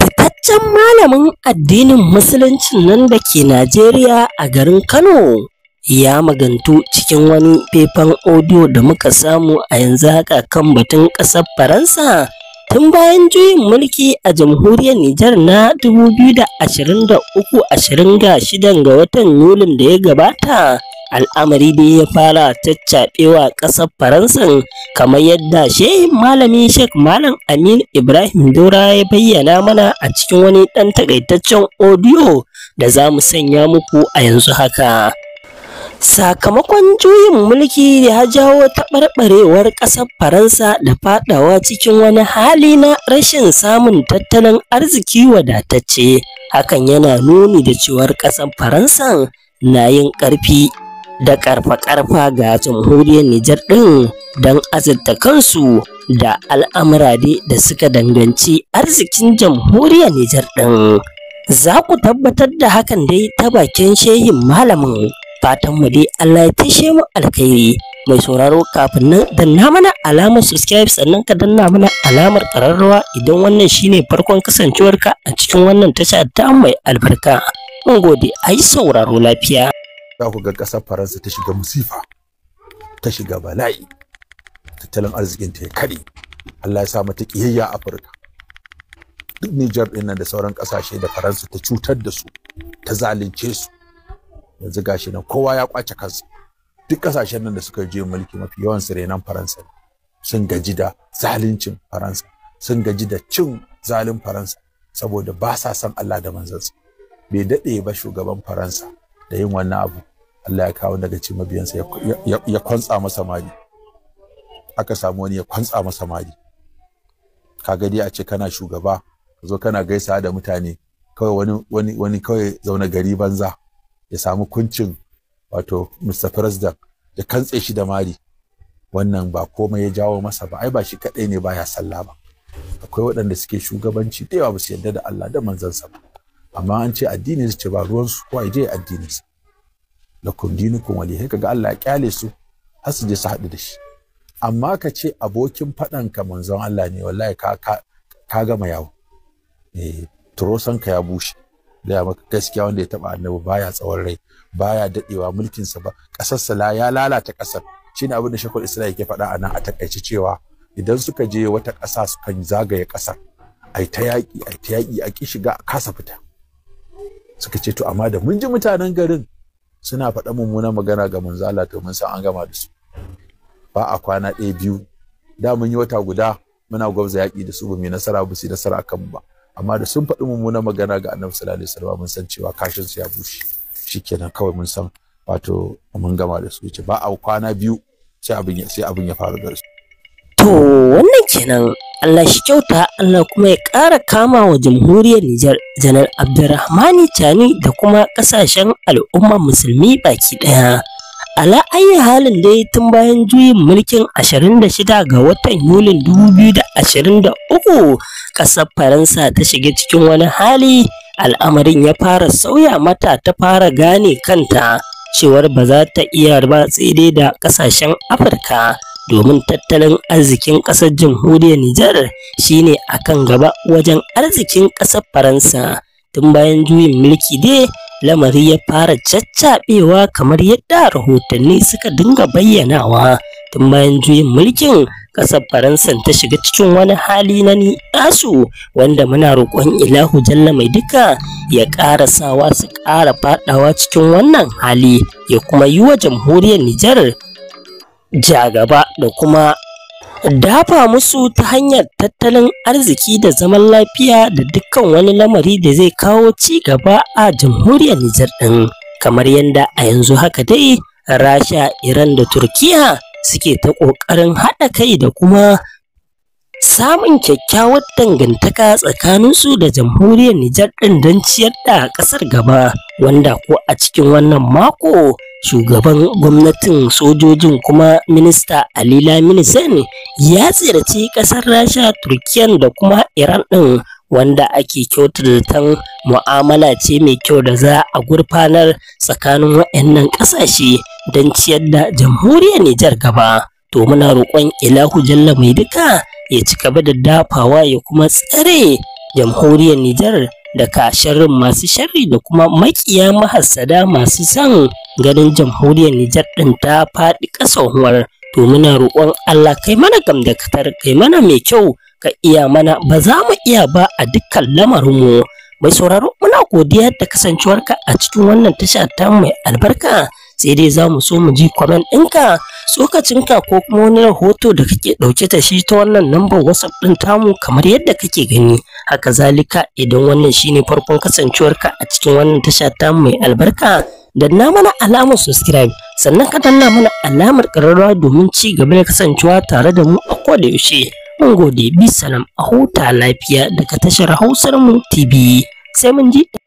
fitaccen malamin addinin musulunci nan da ke Najeriya a garin Kano ya magantu cikin wani faifan audio da muka samu a yanzu haka kan batun ƙasar Faransa tun bayan juyin mulki a jamhuriyar Nijar na 2023-26 ga watan Yulin da ya gabata al'amari dai ya fara caccaɓewa ƙasar faransa kamar yadda shehin malami sheikh malam amin ibrahim dora ya bayyana mana a cikin wani ɗan takaitaccen odiyo da za mu sanya muku a yanzu haka sakamakon juyin mulki da ya jawo taɓarɓarewar ƙasar faransa da faɗawa cikin wani hali na rashin samun tattalin arziki wadatacce hakan yana nuni da cewar ƙasar faransa na yin ƙarfi da karfa-karfa ga jamhuriyar Nijar ɗin don azurta kansu da al'amura da suka danganci arzikin jamhuriyar Nijar ɗin. Za ku tabbatar da hakan dai ta bakin shehin malamin fatan mu dai Allah ya tashe mu alkhairi mai sauraro kafin nan da mana alamar subscribe sannan ka danna mana alamar ƙararrawa idan wannan shine farkon kasancewarka a cikin wannan tasha ta mai albarka. Mun gode, ai sauraro lafiya. za ku ga ƙasar faransa ta shiga musifa ta shiga bala'i tattalin arzikin ta ya kare allah ya sa mata a afirka duk nijar ɗin nan da sauran ƙasashe da faransa ta cutar da su ta zalunce su yanzu gashi nan kowa ya kwace kansa duk ƙasashen nan da suka je mulki mafi yawan su renan faransa sun gaji da zaluncin faransa sun gaji da cin zalin faransa saboda ba sa son allah da manzansa bai daɗe ba shugaban faransa da yin wannan abu Allah ya kawo daga cikin mabiyansa ya kwantsa masa mali aka samu wani ya kwantsa masa mali ga dai a ce kana shugaba ka zo kana gaisa da mutane kawai wani wani wani kawai zauna gari banza ya samu kuncin wato Mr. President ya kantse shi da mali wannan ba komai ya jawo masa ba ai ba shi kadai ne baya sallah ba akwai waɗanda suke shugabanci da yawa ba su yarda da Allah da manzansa ba amma an ce addinin su ce ba ruwan su ko ai je addinin su kundinu kun wali sai kaga Allah ya kyale su har su je su haɗu da shi amma ka ce abokin faɗan ka manzon Allah ne wallahi ka ka gama yawo eh turosan ka ya bushe da maka gaskiya wanda ya taba annabi baya tsawon rai baya dadewa mulkin sa ba kasar la ya lalata kasar shine abin da shekul isra'i ke faɗa anan a takaice cewa idan suka je wata ƙasa sukan zagaye ƙasar ai ta yaƙi ai ta yaƙi a ki shiga a kasa fita suka ce to amma da mun ji mutanen garin suna faɗa mummunan magana ga manzo Allah to mun san an gama da su ba a kwana ɗaya biyu da mun yi wata guda muna gwabza yaƙi da su ba mai nasara ba su nasara kan ba amma da sun faɗi mummunan magana ga annabi sallallahu alaihi wasallam mun san cewa kashin su ya bushe shikenan kawai mun san wato mun gama da su ce ba a kwana biyu sai abin ya faru da su to wannan kenan Allah shi kyauta Allah kuma ya ƙara kama wa jamhuriyar Nijar janar Abdurrahmani Tani da kuma ƙasashen al'umma musulmi baki ɗaya. Ala ayi halin dai tun bayan juyin mulkin 26 ga watan Yulin 2023 ƙasar Faransa ta shiga cikin wani hali al'amarin ya fara sauya mata ta fara gane kanta cewar ba za ta iya ba sai da ƙasashen Afirka. domin tattalin arzikin ƙasar jamhuriyar Nijar shine a kan gaba wajen arzikin ƙasar Faransa. Tun bayan juyin mulki dai lamari ya fara caccaɓewa kamar yadda rahotanni suka dinga bayyanawa. Tun bayan juyin mulkin ƙasar Faransa ta shiga cikin wani hali na ni'asu wanda muna roƙon Ilahu Jalla mai duka ya ƙara sawa su ƙara faɗawa cikin wannan hali ya kuma yi wa jamhuriyar Nijar ja gaba da kuma dafa musu ta hanyar tattalin arziki da zaman lafiya da dukkan wani lamari da zai kawo ci gaba a jamhuriyar Nijar ɗin kamar yadda a yanzu haka dai Rasha, Iran da Turkiya suke ta ƙoƙarin haɗa kai da kuma samun kyakkyawar dangantaka tsakaninsu da jamhuriyar Nijar ɗin don ciyar da ƙasar gaba wanda ko a cikin wannan mako shugaban gwamnatin sojojin kuma minista ali lamini ya ziyarci kasar rasha turkiyan da kuma iran din wanda ake kyautata mu'amala ce mai kyau da za a gurfanar tsakanin waɗannan ƙasashe don ciyar da jamhuriyar nijar gaba to muna roƙon ilahu jalla mai duka ya ci gaba da dafawa ya kuma tsare jamhuriyar nijar daga sharrin masu sharri da kuma makiya mahassada masu son ganin jamhuriyar Nijar ɗin ta faɗi ƙasauwar to muna roƙon Allah kai mana gamdakatar kai mana mai kyau ka iya mana ba za mu iya ba a dukkan lamarinmu mai sauraro muna godiya da kasancewarka a cikin wannan tasha ta mai albarka sai dai za mu so mu ji kwamen ɗinka tsokacinka ko kuma wani rahoto da kake ɗauke ta shi ta wannan lambar whatsapp ɗin tamu kamar yadda kake gani haka zalika idan wannan shine farkon kasancewarka a cikin wannan tasha ta mai albarka danna mana alamar subscribe sannan ka danna mana alamar ƙararrawa domin ci gaba da kasancewa tare da mu a koda yaushe mun gode bi salam a huta lafiya daga tashar hausar mu tv sai mun ji